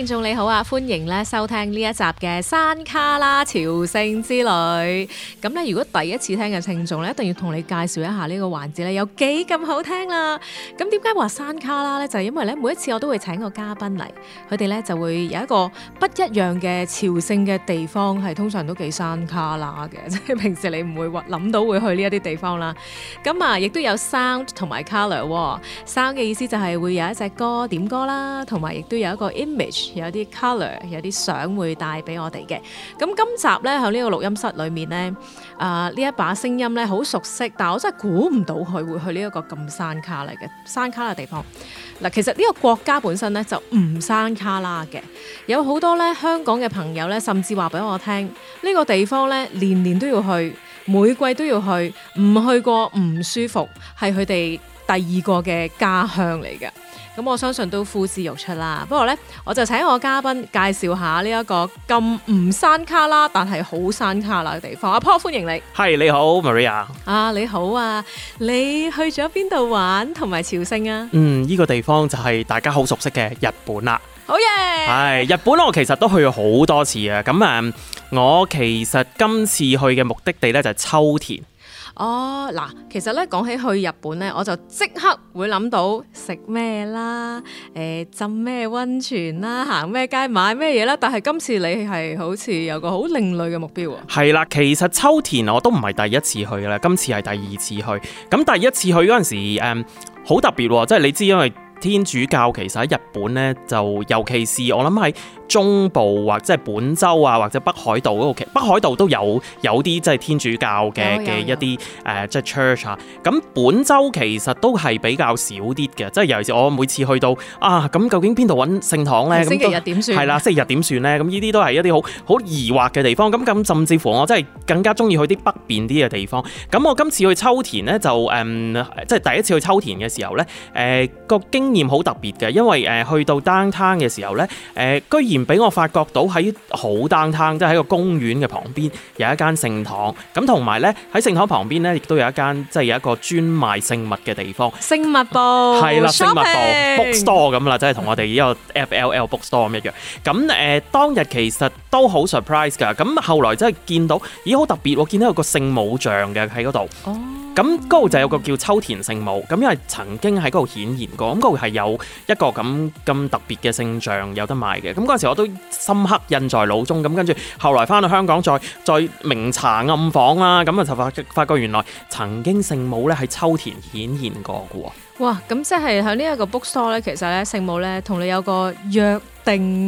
觀眾你好啊，歡迎咧收聽呢一集嘅山卡拉朝聖之旅。咁、嗯、咧，如果第一次聽嘅聽眾咧，一定要同你介紹一下呢個環節咧有幾咁好聽啦。咁點解話山卡拉咧？就係、是、因為咧，每一次我都會請個嘉賓嚟，佢哋咧就會有一個不一樣嘅朝聖嘅地方，係通常都幾山卡拉嘅，即係平時你唔會諗到會去呢一啲地方啦。咁、嗯、啊，亦、嗯、都有 sound 同埋 color、哦。sound 嘅意思就係會有一隻歌點歌啦，同埋亦都有一個 image。有啲 colour，有啲相會帶俾我哋嘅。咁今集咧喺呢個錄音室裏面呢，啊、呃、呢一把聲音咧好熟悉，但係我真係估唔到佢會去呢一個咁山卡啦嘅山卡啦嘅地方。嗱，其實呢個國家本身咧就唔山卡啦嘅，有好多咧香港嘅朋友咧甚至話俾我聽，呢、這個地方咧年年都要去，每季都要去，唔去過唔舒服，係佢哋第二個嘅家鄉嚟嘅。咁我相信都呼之欲出啦。不過呢，我就請我嘉賓介紹下呢一個咁唔山卡啦，但係好山卡啦嘅地方。阿 Paul 歡迎你，係，你好 Maria。啊你好啊，你去咗邊度玩同埋朝聖啊？嗯，呢個地方就係大家好熟悉嘅日本啦。好耶！oh yeah! 哎！係日本我其實都去好多次啊。咁啊，我其實今次去嘅目的地呢，就係秋田。哦嗱，其實咧講起去日本咧，我就即刻會諗到食咩啦，誒浸咩温泉啦，行咩街買咩嘢啦。但係今次你係好似有個好另類嘅目標啊。係啦，其實秋田我都唔係第一次去啦，今次係第二次去。咁第一次去嗰陣時，誒好特別喎，即係你知因為天主教其實喺日本咧，就尤其是我諗喺。中部或者係本州啊，或者北海道嗰北海道都有有啲即係天主教嘅嘅一啲誒即係 church 啊。咁本州其實都係比較少啲嘅，即係尤其是我每次去到啊，咁究竟邊度揾聖堂咧、嗯嗯？星期日點算？係、嗯、啦，星期日點算咧？咁呢啲都係一啲好好疑惑嘅地方。咁、嗯、咁甚至乎我真係更加中意去啲北邊啲嘅地方。咁、嗯、我今次去秋田咧就誒、嗯、即係第一次去秋田嘅時候咧，誒、呃、個經驗好特別嘅，因為誒、呃、去到 downtown 嘅時候咧，誒、呃、居然～俾我發覺到喺好 down town，即係喺個公園嘅旁邊有一間聖堂，咁同埋咧喺聖堂旁邊咧亦都有一間即係、就是、有一個專賣聖物嘅地方，聖物部，係啦，聖物部 bookstore 咁啦，即係同我哋呢個 FLL bookstore 咁一樣。咁誒、呃、當日其實都好 surprise 㗎，咁後來真係見到咦，好特別，我見到有個聖母像嘅喺嗰度。Oh. 咁嗰度就有個叫秋田聖母，咁因為曾經喺嗰度顯現過，咁嗰度係有一個咁咁特別嘅聖像有得賣嘅，咁嗰陣時我都深刻印在腦中，咁跟住後來返到香港再再明查暗訪啦，咁啊就發發覺原來曾經聖母咧喺秋田顯現過嘅喎，哇！咁即係喺呢一個 bookstore 咧，其實咧聖母咧同你有個約。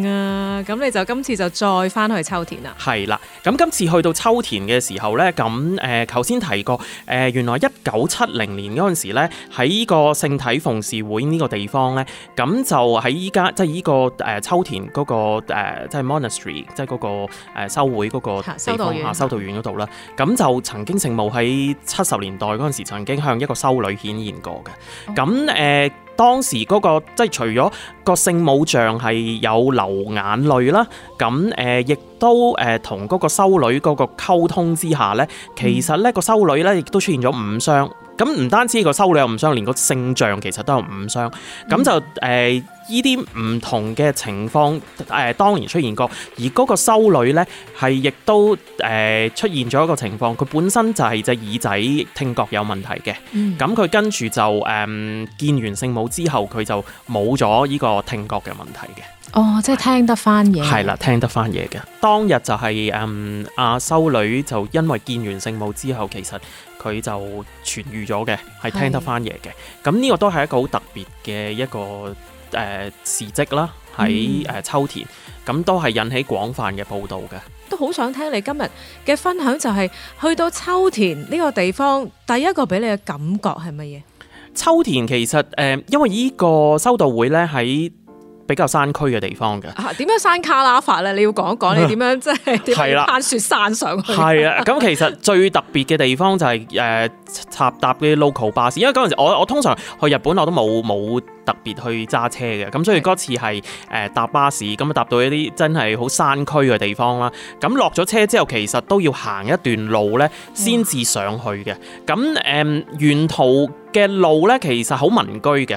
啊！咁、嗯、你就今次就再翻去秋田啦。係啦，咁今次去到秋田嘅時候呢，咁誒、頭、呃、先提過誒、呃，原來一九七零年嗰陣時呢，喺個聖體奉事會呢個地方呢，咁就喺依家即係依個誒、呃、秋田嗰、那個誒、即、呃、係、就是、monastery，即係嗰、那個誒、呃、修會嗰個地方啊，修道院嗰度啦，咁就曾經聖母喺七十年代嗰陣時，曾經向一個修女顯現過嘅。咁誒、哦。當時嗰、那個即係除咗個聖母像係有流眼淚啦，咁誒、呃、亦都誒同嗰個修女嗰個溝通之下呢，其實呢、嗯、個修女呢亦都出現咗五傷，咁唔單止個修女有五傷，連個聖像其實都有五傷，咁就誒。嗯呃呢啲唔同嘅情況，誒、呃、當然出現過。而嗰個修女呢，係亦都誒、呃、出現咗一個情況，佢本身就係隻耳仔聽覺有問題嘅。咁佢、嗯、跟住就誒、呃、見完聖母之後，佢就冇咗呢個聽覺嘅問題嘅。哦，即係聽得翻嘢。係啦，聽得翻嘢嘅。當日就係誒阿修女就因為見完聖母之後，其實佢就痊癒咗嘅，係聽得翻嘢嘅。咁呢是個都係一個好特別嘅一個，誒事蹟啦，喺 誒樂、呃、秋田咁都係引起廣泛嘅報道嘅。都好想聽你今日嘅分享，就係去到秋田呢個地方，第一個俾你嘅感覺係乜嘢？秋田其實誒、呃，因為依個修道會咧喺比較山區嘅地方嘅、啊。點樣山卡拉法咧？你要講一講你點樣即係攀雪山上去？係啊、 嗯，咁其實最特別嘅地方就係誒插搭嗰啲 local 巴士，因為嗰陣時我我通常去日本我都冇冇。特別去揸車嘅，咁所以嗰次係誒、呃、搭巴士，咁啊搭到一啲真係好山區嘅地方啦。咁落咗車之後，其實都要行一段路咧，先至上去嘅。咁誒、呃，沿途嘅路咧，其實好民居嘅，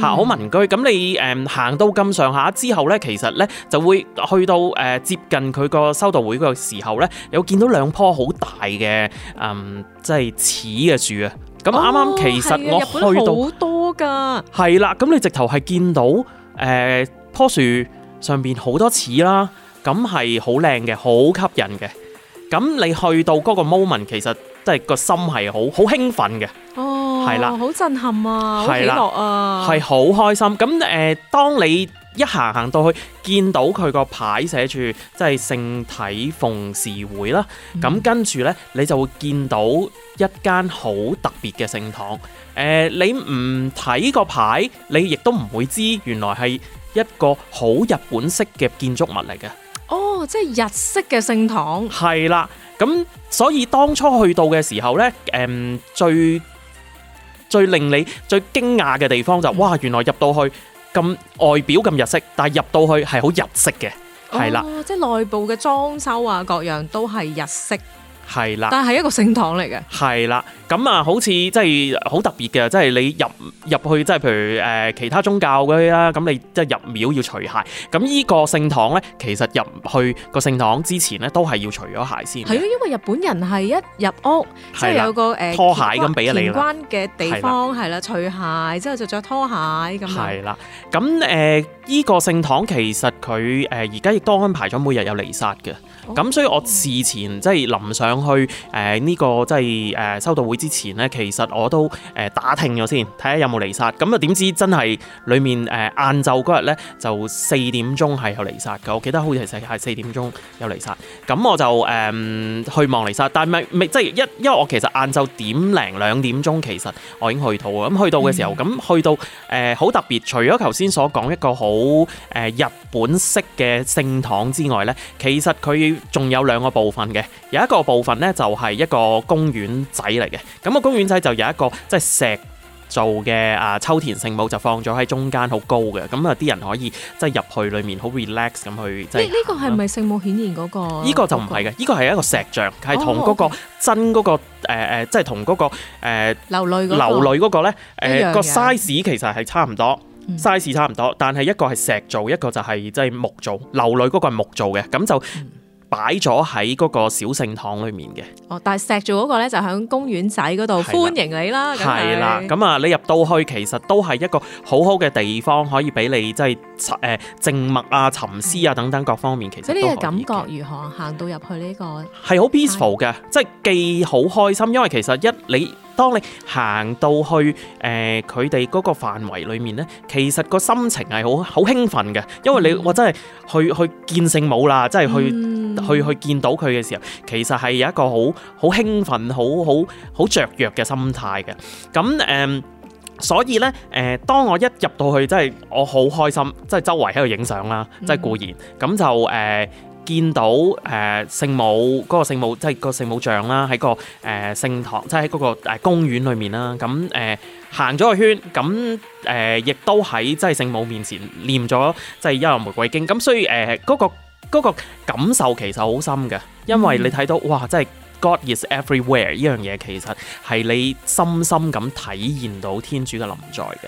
嚇、啊、好民居。咁你誒行、呃、到咁上下之後咧，其實咧就會去到誒、呃、接近佢個修道會嗰個時候咧，有見到兩棵好大嘅誒，即、呃、係似嘅樹啊。咁啱啱，剛剛其實、哦、我去到，好多㗎，係啦。咁你直頭係見到，誒、呃、樖樹上邊好多刺啦，咁係好靚嘅，好吸引嘅。咁你去到嗰個 moment，其實即係個心係好好興奮嘅，係啦、哦，好的震撼啊，的好喜樂係、啊、好開心。咁誒、呃，當你一行行到去，見到佢個牌寫住即係聖體奉事會啦。咁、嗯、跟住呢，你就會見到一間好特別嘅聖堂。誒、呃，你唔睇個牌，你亦都唔會知原來係一個好日本式嘅建築物嚟嘅。哦，即係日式嘅聖堂。係啦，咁所以當初去到嘅時候呢，誒、呃、最最令你最驚訝嘅地方就是，嗯、哇！原來入到去。咁外表咁日式，但係入到去係好日式嘅，係啦、哦，即係內部嘅裝修啊，各樣都係日式。係啦，但係一個聖堂嚟嘅。係啦，咁啊，好似即係好特別嘅，即係你入入去，即係譬如誒其他宗教嗰啲啦，咁你即係入廟要除鞋。咁依個聖堂咧，其實入去個聖堂之前咧，都係要除咗鞋先。係咯，因為日本人係一入屋，了即係有個誒拖鞋咁俾你啦。玄關嘅地方係啦，除了鞋之後就着拖鞋咁。係啦，咁誒依個聖堂其實佢誒而家亦都安排咗每日有彌撒嘅。咁 Okay. 所以我事前即係臨上。去誒呢、呃這個即係誒修道會之前呢，其實我都誒打聽咗先，睇下有冇彌撒。咁啊點知真係裏面誒晏晝嗰日呢，就四點鐘係有彌撒嘅。我記得好似係四點鐘有彌撒。咁我就誒、呃、去望彌撒，但係咪即係一，因為我其實晏晝點零兩點鐘其實我已經去到，咁去到嘅時候，咁、嗯、去到誒好、呃、特別除咗頭先所講一個好誒、呃、日本式嘅聖堂之外呢，其實佢仲有兩個部分嘅，有一個部分。份咧就係一個公園仔嚟嘅，咁個公園仔就有一個即係石做嘅啊秋田聖母就放咗喺中間好高嘅，咁啊啲人可以即係入去裏面好 relax 咁去。呢呢個係咪聖母顯現嗰個？呢個就唔係嘅，呢個係一個石像，係同嗰個真嗰個誒誒，即係同嗰個誒流淚嗰流淚嗰個咧誒個 size 其實係差唔多，size 差唔多，但係一個係石做，一個就係即係木做，流淚嗰個係木做嘅，咁就。擺咗喺嗰個小聖堂裏面嘅。哦，但係石做嗰個咧就喺公園仔嗰度歡迎你啦。係啦的，咁啊，你入到去其實都係一個好好嘅地方，可以俾你即係誒靜默啊、沉思啊等等各方面其實。呢個感覺如何？行到入去呢個係好 peaceful 嘅，即係幾好開心，因為其實一你。當你行到去誒佢哋嗰個範圍裏面呢，其實個心情係好好興奮嘅，因為你、mm hmm. 我真係去去見聖母啦，真、就、係、是、去、mm hmm. 去去見到佢嘅時候，其實係有一個好好興奮、好好好雀躍嘅心態嘅。咁誒、呃，所以呢，誒、呃，當我一入到去，真係我好開心，即係周圍喺度影相啦，即係固然咁、mm hmm. 就誒。呃見到誒、呃、聖母嗰、那個聖母，即係個聖母像啦，喺個誒、呃、聖堂，即係喺嗰個公園裏面啦。咁誒、呃、行咗個圈，咁誒、呃、亦都喺即係聖母面前念咗即係《幽蘭玫瑰經》。咁所以誒嗰、呃那個那個感受其實好深嘅，因為你睇到哇，真係～God is everywhere 呢樣嘢其實係你深深咁體驗到天主嘅臨在嘅。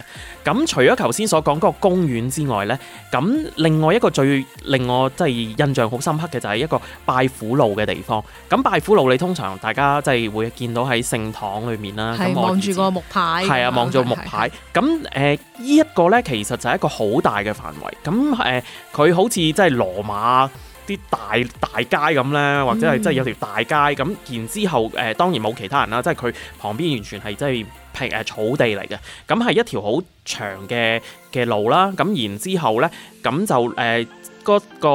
咁除咗頭先所講嗰個公園之外呢，咁另外一個最令我即係印象好深刻嘅就係一個拜苦路嘅地方。咁拜苦路你通常大家即係會見到喺聖堂裏面啦，望住係個木牌，係啊望住個木牌。咁誒呢一個呢，其實就係一個大範圍、呃、好大嘅範圍。咁誒佢好似即係羅馬。啲大大街咁咧，或者係即係有條大街咁，嗯、然之後誒、呃、當然冇其他人啦，即係佢旁邊完全係即係平誒草地嚟嘅，咁係一條好長嘅嘅路啦，咁然之後咧，咁就誒嗰個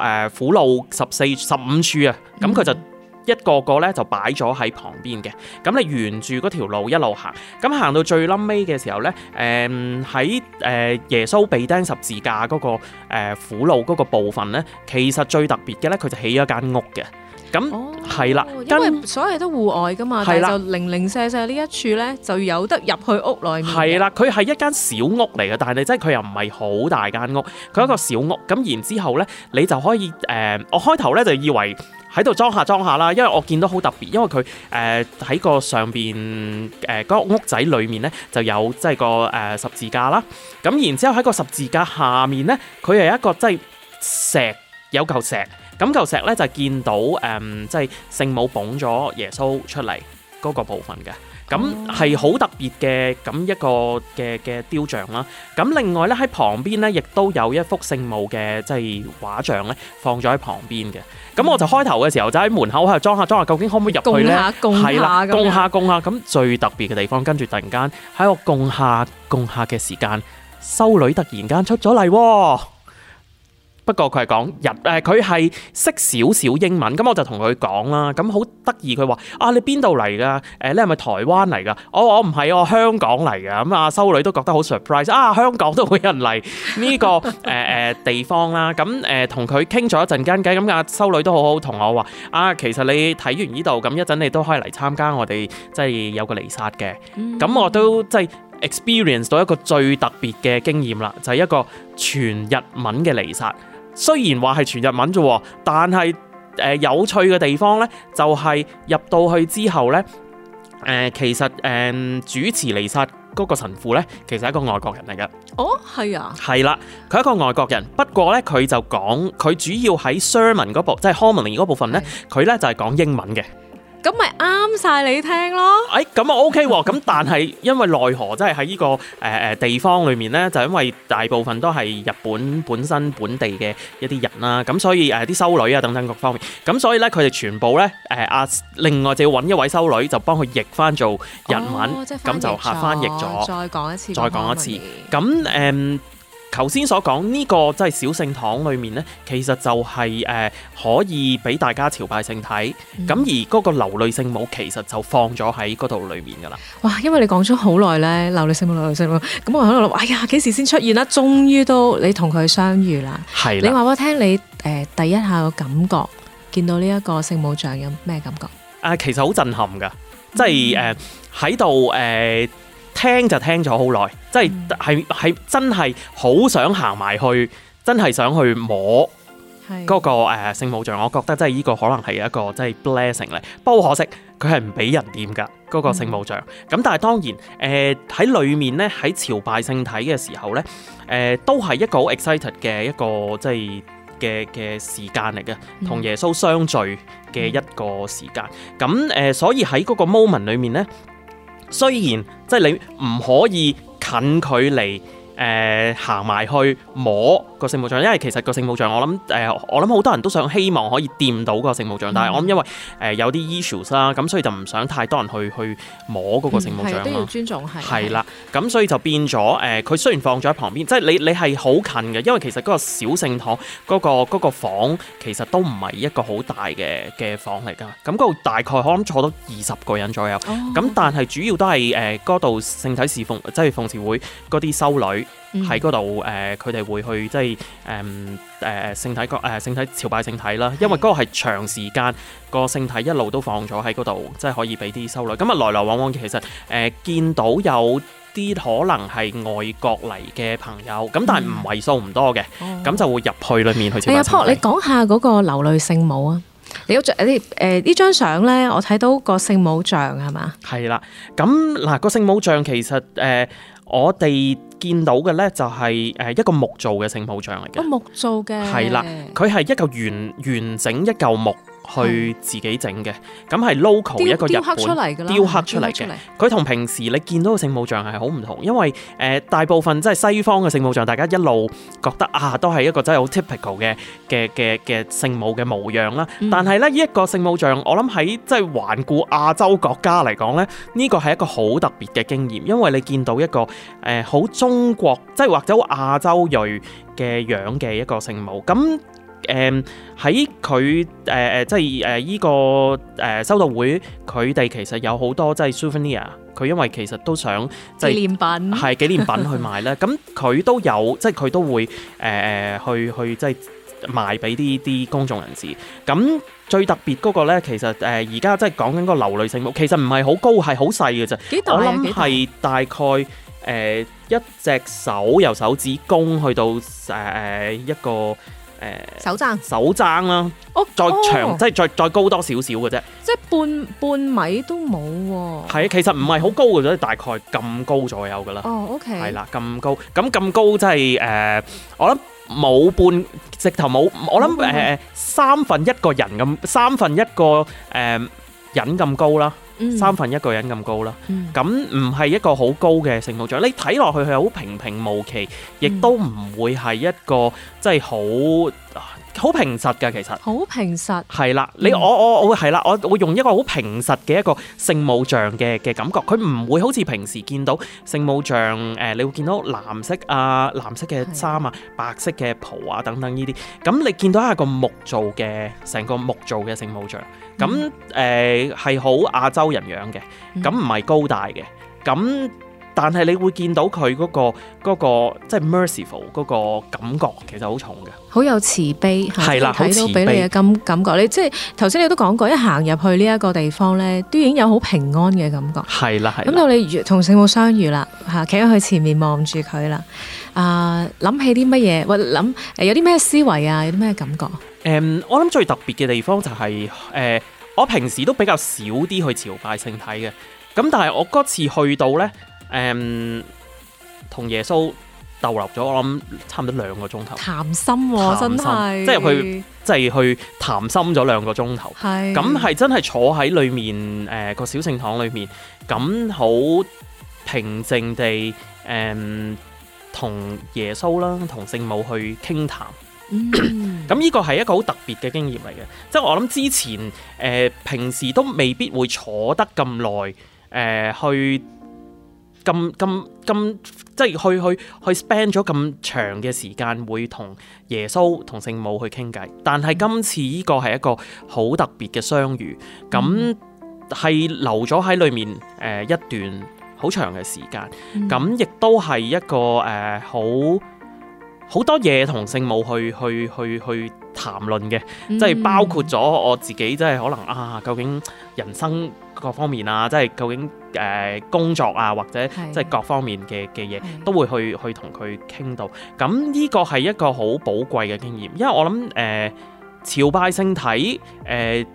誒苦路十四十五處啊，咁佢就。呃那個呃一個個咧就擺咗喺旁邊嘅，咁你沿住嗰條路一路行，咁行到最冧尾嘅時候呢，誒喺誒耶穌被釘十字架嗰個誒苦路嗰個部分呢，其實最特別嘅呢，佢就起咗間屋嘅，咁係啦，哦、了因為所有都戶外噶嘛，了但係就零零舍舍呢一處呢，就有得入去屋內面。係啦，佢係一間小屋嚟嘅，但係你即係佢又唔係好大間屋，佢一個小屋。咁然之後呢，你就可以誒、呃，我開頭呢就以為。喺度裝下裝下啦，因為我見到好特別，因為佢誒喺個上邊誒嗰個屋仔裏面呢就有即係、就是、個誒、呃、十字架啦，咁然之後喺個十字架下面呢，佢係一個即係石有嚿石，咁嚿石，石呢，就是、見到誒即係聖母捧咗耶穌出嚟嗰個部分嘅。咁係好特別嘅咁一個嘅嘅雕像啦。咁另外呢，喺旁邊呢，亦都有一幅聖母嘅即係畫像呢，放咗喺旁邊嘅。咁、嗯、我就開頭嘅時候就喺門口喺度裝下裝下，究竟可唔可以入去呢？係啦，供下供下。咁了最特別嘅地方，跟住突然間喺我供下供下嘅時間，修女突然間出咗嚟。不過佢係講日，誒佢係識少少英文，咁我就同佢講啦，咁好得意佢話啊，你邊度嚟㗎？誒、呃，你係咪台灣嚟㗎、哦？我我唔係，我香港嚟㗎。咁、嗯、啊，修女都覺得好 surprise，啊，香港都會有人嚟呢、這個誒誒、呃、地方啦。咁誒同佢傾咗一陣間偈，咁、嗯、阿、啊、修女都好好同我話啊，其實你睇完呢度，咁、嗯、一陣你都可以嚟參加我哋即係有個彌撒嘅。咁、嗯嗯、我都即係 experience 到一個最特別嘅經驗啦，就係、是、一個全日文嘅彌撒。雖然話係全日文啫，但係誒、呃、有趣嘅地方咧，就係、是、入到去之後咧，誒、呃、其實誒、呃、主持彌撒嗰個神父咧，其實係一個外國人嚟嘅。哦，係啊，係啦，佢係一個外國人，不過咧佢就講佢主要喺 sermon 嗰部，即係 homily 嗰部分咧，佢咧的就係、是、講英文嘅。咁咪啱晒你聽咯！哎，咁啊 OK 喎，咁但係因為奈何真、這個，即係喺呢個誒誒地方裏面咧，就因為大部分都係日本本身本地嘅一啲人啦、啊，咁所以誒啲、呃、修女啊等等各方面，咁所以咧佢哋全部咧誒啊，另外就要揾一位修女就幫佢譯翻做日文，咁就吓翻譯咗，譯再講一,一次，再講一次，咁、呃、誒。頭先所講呢個即係小聖堂裏面呢，其實就係誒可以俾大家朝拜聖體，咁而嗰個流淚聖母其實就放咗喺嗰度裏面噶啦。哇！因為你講咗好耐呢，流淚聖母、流淚聖母，咁我喺度諗，哎呀，幾時先出現啦？終於都你同佢相遇啦！係，你話我聽你誒第一下個感覺，見到呢一個聖母像有咩感覺？啊，其實好震撼噶，即係誒喺度誒。聽就聽咗好耐，即係，係係真係好想行埋去，真係想去摸嗰個誒聖母像。我覺得真係呢個可能係一個真係 blessing 嚟，不過可惜佢係唔俾人掂噶嗰個聖母像。咁但係當然誒喺裏面咧，喺朝拜聖體嘅時候咧，誒都係一個好 excited 嘅一個即係嘅嘅時間嚟嘅，同耶穌相聚嘅一個時間。咁誒所以喺嗰個 moment 裏面咧。雖然，即、就、係、是、你唔可以近距離。誒行埋去摸個聖母像，因為其實個聖母像我諗誒，我諗好、呃、多人都想希望可以掂到個聖母像，嗯、但係我諗因為誒、呃、有啲 issues 啦，咁所以就唔想太多人去去摸嗰個聖母像、嗯、都要尊重係，啦，咁的的所以就變咗誒，佢、呃、雖然放咗喺旁邊，即係你你係好近嘅，因為其實嗰個小聖堂嗰、個嗰個房其實都唔係一個好大嘅嘅房嚟㗎。咁嗰度大概可能坐到二十個人左右，咁、哦嗯、但係主要都係誒嗰度聖體侍奉即係奉事會嗰啲修女。喺嗰度，誒，佢哋會去即係，誒，誒，聖體個，誒，聖體朝拜聖體啦，因為嗰個係長時間個聖體一路都放咗喺嗰度，即係可以俾啲修女，咁啊來來往往，其實，誒，見到有啲可能係外國嚟嘅朋友，咁但係唔為數唔多嘅，咁就會入去裏面去朝拜聖體。你講下嗰個流淚聖母啊？你有張誒，呢張相咧，我睇到個聖母像係嘛？係啦，咁嗱個聖母像其實，誒。我哋見到嘅咧，就係誒一個木做嘅聖母像嚟嘅，木做嘅係啦，佢係一嚿完完整一嚿木。去自己整嘅，咁係 local 雕一個日本雕刻出嚟嘅，佢同平時你見到嘅聖母像係好唔同，因為誒、呃、大部分即係西方嘅聖母像，大家一路覺得啊都係一個真係好 typical 嘅嘅嘅嘅聖母嘅模樣啦。嗯、但係咧呢一個聖母像，我諗喺即係環顧亞洲國家嚟講咧，呢個係一個好特別嘅經驗，因為你見到一個誒好、呃、中國即係或者亞洲裔嘅樣嘅一個聖母咁。誒喺佢誒誒，即係誒依個誒修道會，佢哋其實有好多即係 souvenir。佢因為其實都想紀念品係紀念品去賣咧。咁佢 都有即係佢都會誒誒、呃、去去即係賣俾啲啲公眾人士。咁最特別嗰個咧，其實誒而家即係講緊嗰個流淚聖母，其實唔係好高，係好細嘅啫。幾大咧、啊？我諗係大概誒、呃、一隻手由手指公去到誒、呃、一個。手踭，手踭啦、啊，哦，oh, 再長、oh, 即係再再高多少少嘅啫，即係半半米都冇喎、啊。係啊，其實唔係好高嘅，啫，大概咁高左右噶啦。哦、oh,，OK，係啦、啊，咁高，咁咁高即係誒，我諗冇半直頭冇，我諗誒、oh, okay. 呃、三分一個人咁，三分一個誒、呃、人咁高啦。三分一個人咁高啦，咁唔係一個好高嘅聖母像。你睇落去係好平平無奇，亦都唔會係一個即係好好平實，嘅其實好平實，係啦，你、嗯、我我我係啦，我會用一個好平實嘅一個聖母像嘅嘅感覺，佢唔會好似平時見到聖母像誒、呃、你會見到藍色啊藍色嘅衫啊、是白色嘅袍啊等等呢啲。咁你見到係個木做嘅成個木做嘅聖母像，咁誒係好亞洲。高人樣嘅，咁唔係高大嘅，咁但係你會見到佢嗰、那個嗰、那個即係、就是、merciful 嗰個感覺，其實好重嘅，好有慈悲嚇，睇到俾你嘅感覺。你即係頭先你都講過，一行入去呢一個地方咧，都已經有好平安嘅感覺。係啦，係。咁到你同聖母相遇啦，嚇，企喺佢前面望住佢啦，啊、呃，諗起啲乜嘢？喂，諗、呃、誒有啲咩思維啊？有啲咩感覺？誒、嗯，我諗最特別嘅地方就係、是、誒。呃我平時都比較少啲去朝拜聖體嘅，咁但係我嗰次去到呢，誒，同耶穌逗留咗，我諗差唔多兩個鐘頭。談心啊，談心，真係，即係去，即係去談心咗兩個鐘頭。係，咁係真係坐喺裏面，誒，個小聖堂裏面，咁好平靜地，誒，同耶穌啦，同聖母去傾談。咁呢個係一個好特別嘅經驗嚟嘅，即係我諗之前誒、呃、平時都未必會坐得咁耐，誒、呃、去咁咁咁，即係去去去 spend 咗咁長嘅時間，會同耶穌同聖母去傾偈。但係今次呢個係一個好特別嘅相遇，咁係留咗喺裏面誒、呃、一段好長嘅時間，咁亦都係一個誒好。呃好多嘢同聖母去去去去談論嘅，即係包括咗我自己，即係可能啊，究竟人生各方面啊，即係究竟誒、呃、工作啊，或者即係各方面嘅嘅嘢，都會去去同佢傾到。咁呢、嗯、個係一個好寶貴嘅經驗，因為我諗誒、呃、朝拜聖體誒。呃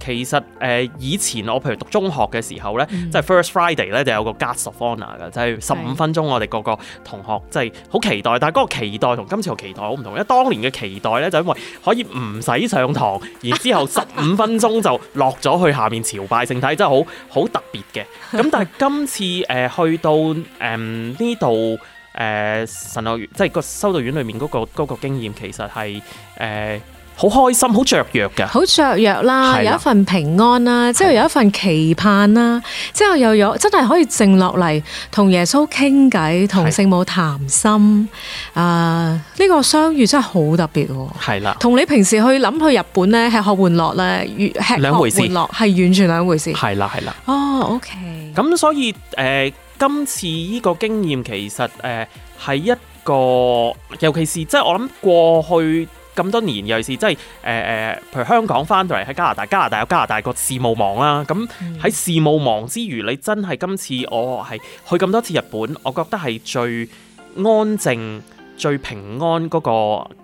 其實誒、呃、以前我譬如讀中學嘅時候呢，即係、嗯、First Friday 呢，就有個 Gasophonia 嘅，就係十五分鐘我哋個個同學即係好期待，但係嗰個期待同今次嘅期待好唔同。因為當年嘅期待呢，就係、因為可以唔使上堂，然後之後十五分鐘就落咗去下面朝拜聖體， 真係好好特別嘅。咁、嗯、但係今次誒、呃、去到誒呢度誒神樂園，即、就、係、是、個修道院裏面嗰、嗰個嗰、嗰個經驗其實係誒。呃好開心，好雀躍嘅。好雀躍啦，是的 有一份平安啦，之後有一份期盼啦，是的 之後又有真係可以靜落嚟同耶穌傾偈，同聖母談心。啊是的、呃，呢、這個相遇真係好特別、哦。係啦，同你平時去諗去日本咧吃喝玩樂咧，兩回事。玩樂係完全兩回事。係啦，係啦。哦，OK。咁所以誒、呃，今次呢個經驗其實誒係、呃、一個，尤其是即係、就是、我諗過去。咁多年，尤其是即係誒誒，譬如香港翻到嚟喺加拿大，加拿大有加拿大個事務忙啦、啊。咁喺、嗯、事務忙之餘，你真係今次我係、哦、去咁多次日本，我覺得係最安靜、最平安嗰個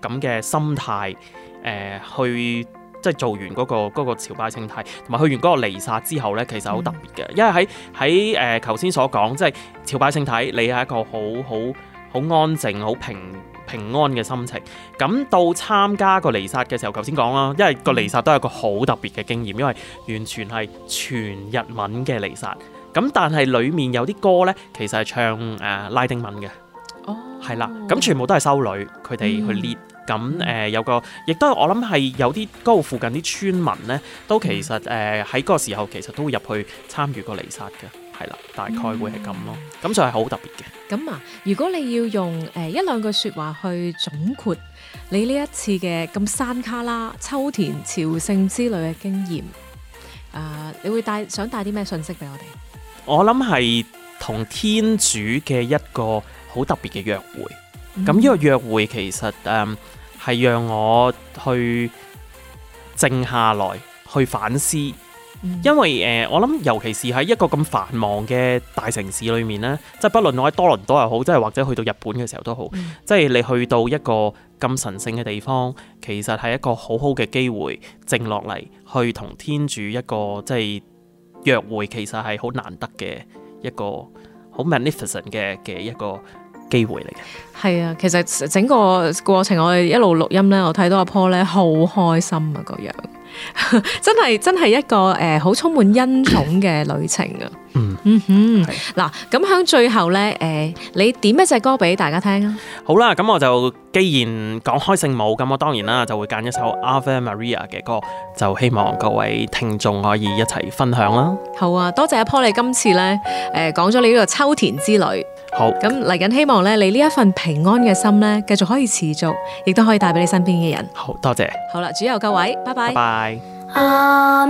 咁嘅心態。誒、呃，去即係做完嗰、嗰個、嗰個朝拜聖體，同埋去完嗰個彌撒之後呢，其實好特別嘅，嗯、因為喺喺誒，頭先、呃、所講即係朝拜聖體，你係一個好好好安靜、好平。平安嘅心情，咁到參加個彌撒嘅時候，頭先講啦，因為個彌撒都係個好特別嘅經驗，因為完全係全日文嘅彌撒，咁但係裡面有啲歌呢，其實係唱誒、呃、拉丁文嘅，係啦、哦，咁全部都係修女佢哋去列，咁誒、嗯呃、有個，亦都係我諗係有啲嗰度附近啲村民呢，都其實誒喺嗰個時候其實都會入去參與個彌撒嘅。係啦，大概會係咁咯，咁就係好特別嘅。咁啊，如果你要用誒、呃、一兩句說話去總括你呢一次嘅咁山卡拉、秋田、朝聖之旅嘅經驗，誒、呃，你會帶想帶啲咩信息俾我哋？我諗係同天主嘅一個好特別嘅約會。咁呢、嗯、個約會其實誒係、呃，讓我去靜下來去反思。因為誒、呃，我諗尤其是喺一個咁繁忙嘅大城市裏面咧，即係不論我喺多倫多又好，即係或者去到日本嘅時候都好，嗯、即係你去到一個咁神聖嘅地方，其實係一個好好嘅機會靜落嚟去同天主一個即係約會，其實係好難得嘅一個好 magnificent 嘅嘅一個機會嚟嘅。係啊，其實整個過程我哋一路錄音呢，我睇到阿 Paul 咧好開心啊、這個樣。 真係真係一個誒，好、呃、充滿恩寵嘅旅程啊！ 嗯哼，嗱，咁喺最後咧，誒、呃，你點一隻歌俾大家聽啊？好啦，咁我就既然講開聖母，咁我當然啦就會揀一首 Ave Maria 嘅歌，就希望各位聽眾可以一齊分享啦。好啊，多謝阿 Paul 你今次咧，誒、呃，講咗你呢個秋田之旅。好，咁嚟緊希望咧，你呢一份平安嘅心咧，繼續可以持續，亦都可以帶俾你身邊嘅人。好多謝。好啦，主佑各位，拜拜。拜 bye。啊